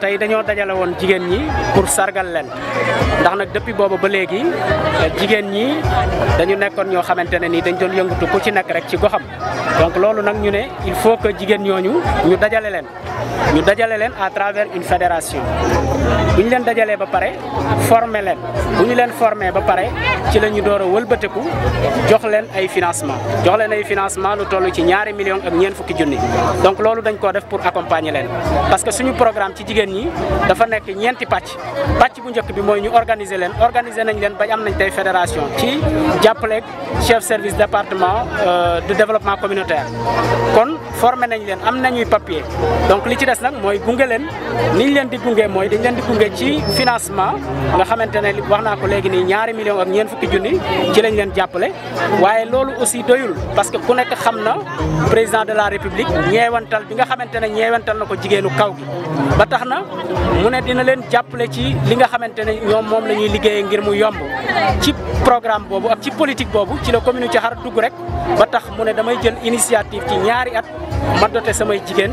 tey dañoo dajale woon jigéen ñi pour sargal leen ndax nag depuis boobu ba léegi jigéen ñi dañu nekkoon ñoo xamante ne nii dañ doon yëngutu ko ci nekk rek ci goxam donc loolu nag ñu ne il faut que jigéen ñooñu ñu dajale leen ñu dajale leen à travers une fédération bu ñu leen dajalee ba pare former leen bu ñu leen former ba pare ci la ñu door a jox leen ay financement jox leen ay financement lu toll ci ñaari million ak ñeent fukki junni donc loolu dañ ko def pour accompagner leen parce que suñu programme ci jigéen ñi dafa nekk ñeenti pàcc pàcc bu njëkk bi mooy ñu organiser leen organiser nañ leen ba am nañ tey fédération ci jàppaleeg chef service département euh, de développement communautaire kon former nañ leen am nañuy papier donc li ci des nag mooy gunge leen ni ñu leen di gunge mooy dañ leen di gunge ci financement nga xamante ne wax naa ko léegi nii ñaari million ak ñeent fukki junni ci lañ leen jàppale waaye loolu aussi doyul parce que ku nekk xam na président de la république ñeewantal bi nga xamante ne ñeewantal na ko jigéenu kaw gi ba tax na mu ne dina leen jàppale ci li nga xamante ne ñoom moom la ñuy liggéeyee ngir mu yomb ci programme boobu ak ci politique boobu ci la commune Thiakhar dugg rek ba tax mu ne damay jël initiative ci ñaari at ma dote jigéen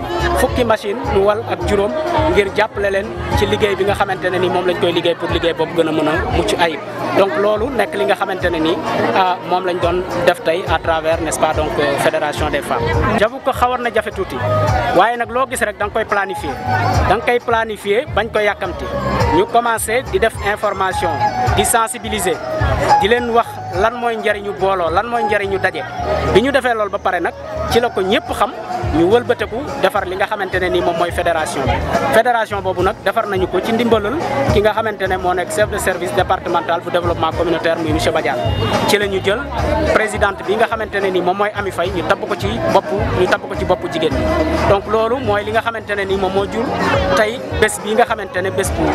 machine wal ak juróom ngir jàppale leen ci liggéey bi nga xamante ne ni moom lañ koy liggéey pour liggéey boobu gën a mën a mucc ayib donc loolu nekk li nga xamante ne ni ah, moom lañ doon def tey à travers nest euh, fédération des femmes j'avoue ko xawoon na jafe tuuti waaye nag loo gis rek danga koy planifier da nga koy planifier bañ koy yàkkamti ñu commencé di def information di sensibiliser di leen wax lan mooy njëriñu booloo lan mooy njëriñu daje bi ñu defee loolu ba pare nag ci la ko ñëpp xam ñu wëlbateku defar li nga xamante ne nii moom mooy fédération bi boobu nag defar nañu ko ci ndimbalul ki nga xamante ne moo nekk chef service départemental bu développement communautaire muy monsieur Badiane ci la ñu jël présidente bi nga xamante ne nii moom mooy Ami Faye ñu tabb ko ci bopp ñu tabb ko ci bopp jigéen donc loolu mooy li nga xamante ne nii moom moo jur tey bes bi nga xamante ne bés bu ñu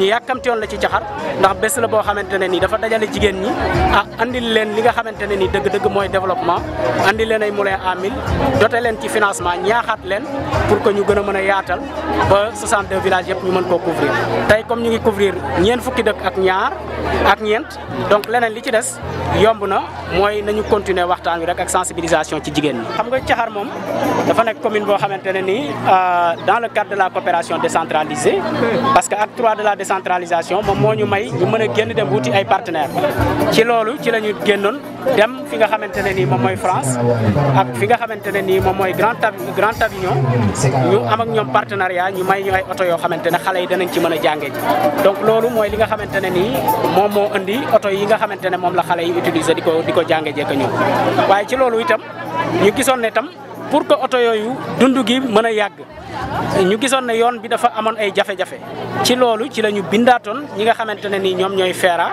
ñu yàkkamtewoon la ci caxar ndax bés la boo xamante ne nii dafa dajale jigéen ñi ah andil leen li nga xamante ne nii dëgg-dëgg mooy développement andi moulin à mille dote leen ci financement ñaaxaat leen pour que ñu gën a mën a yaatal ba 62 villages yëpp ñu mën ko couvrir tey comme ñu ngi couvrir ñeent fukki dëkk ak ñaar ak ñeent donc leneen li ci des yomb na mooy nañu continuer waxtaan wi rek ak sensibilisation ci jigéen ñi. xam nga Caxar moom dafa nekk commune boo xamante ne nii euh, dans le cadre de la coopération décentralisée parce que acte 3 de la décentralisation moom moo ñu may ñu mën a génn dem wuti ay partenaires ci loolu ci la génnoon dem fi nga xamante ne nii moom mooy France ak fi nga xamante ne nii moom mooy Grand Grand Avignon ñu ñoom partenariat ñu may ñu ay oto yoo xamante ne xale yi danañ ci mën a jàngee ji donc loolu mooy li nga xamante ne nii moom moo indi oto yi nga xamante ne moom la xale yi utiliser di ko di ko jàngee jekk ñëw waaye ci loolu itam ñu gisoon ne tam pour que oto yooyu dundu gi mën a yàgg ñu gisoon ne yoon bi dafa amoon ay jafe-jafe ci loolu ci la ñu bindaatoon ñi nga xamante ne ni ñoom ñooy feera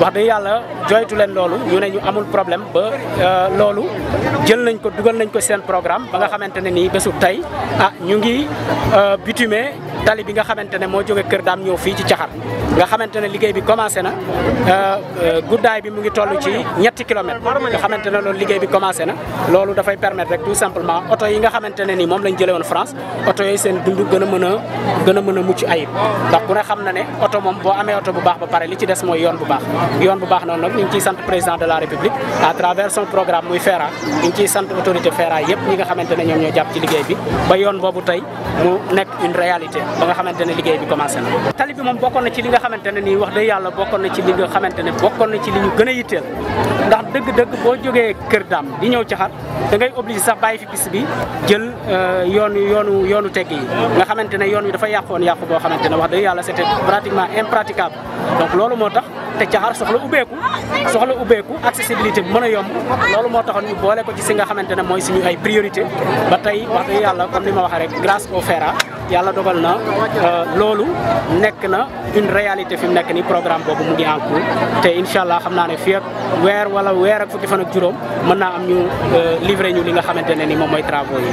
wax dëgg yàlla joytu leen loolu ñu ne ñu amul problème ba euh, loolu jël nañ ko dugal nañ ko seen programme ba nga xamante ne nii bésu tey ah ñu ngi euh, bitime tali bi nga xamante ne moo jóge Kër Daam ñëw fii ci Caxar nga xamante ne liggéey bi commencé na euh, euh, guddaay bi mu ngi toll ci ñetti kilomètres nga xamante ne loolu liggéey bi commencé na loolu dafay permettre rek tout simplement oto yi nga xamante ne ni moom lañ jëlee woon France oto yooyu seen dund gën a mën mën mucc ayib ndax ku ne xam na ne oto moom boo amee oto bu baax ba pare li ci des mooy yoon bu baax yoon bu baax noonu nag ñu ngi ciy sant président de la République à travers son programme muy FERA ñu ngi sant autorité FERA yëpp ñi nga xamante ne ñoom ñoo jàpp ci liggéey bi ba yoon boobu tey mu nekk une réalité ba nga xamante ne liggéey bi commencé tali bi moom bokkoon na ci li nga xamante ne nii wax dëgg yàlla bokkoon ci li nga xamante ne bokkoon na ci li ñu gën yitteel ndax dëgg-dëgg boo jógee Kër Dame di ñëw Caxar da ngay obligé sax bàyyi fi piste bi jël euh, yoon yoonu yoonu tegg yi nga xamante ne yoon wi dafa yàqoon yàqu boo xamante ne wax dëgg yàlla c'était pratiquement impraticable donc loolu moo tax te Caxar soxla ubbeeku soxla ubbeeku accessibilité bi mën a yomb loolu moo taxoon ñu boole ko ci nga xamante ne mooy suñu ay priorité ba yàlla comme li ma waxee rek grâce au FERA yàlla dogal na euh, loolu nekk na une réalité fi mu nekk ni programme boobu mu ngi en cours te incha allah xam na ne fii weer wala weer ak fukki fan ak juróom mën naa am ñu euh, livré ñu li nga xamante ne ni moom mooy travaux yi.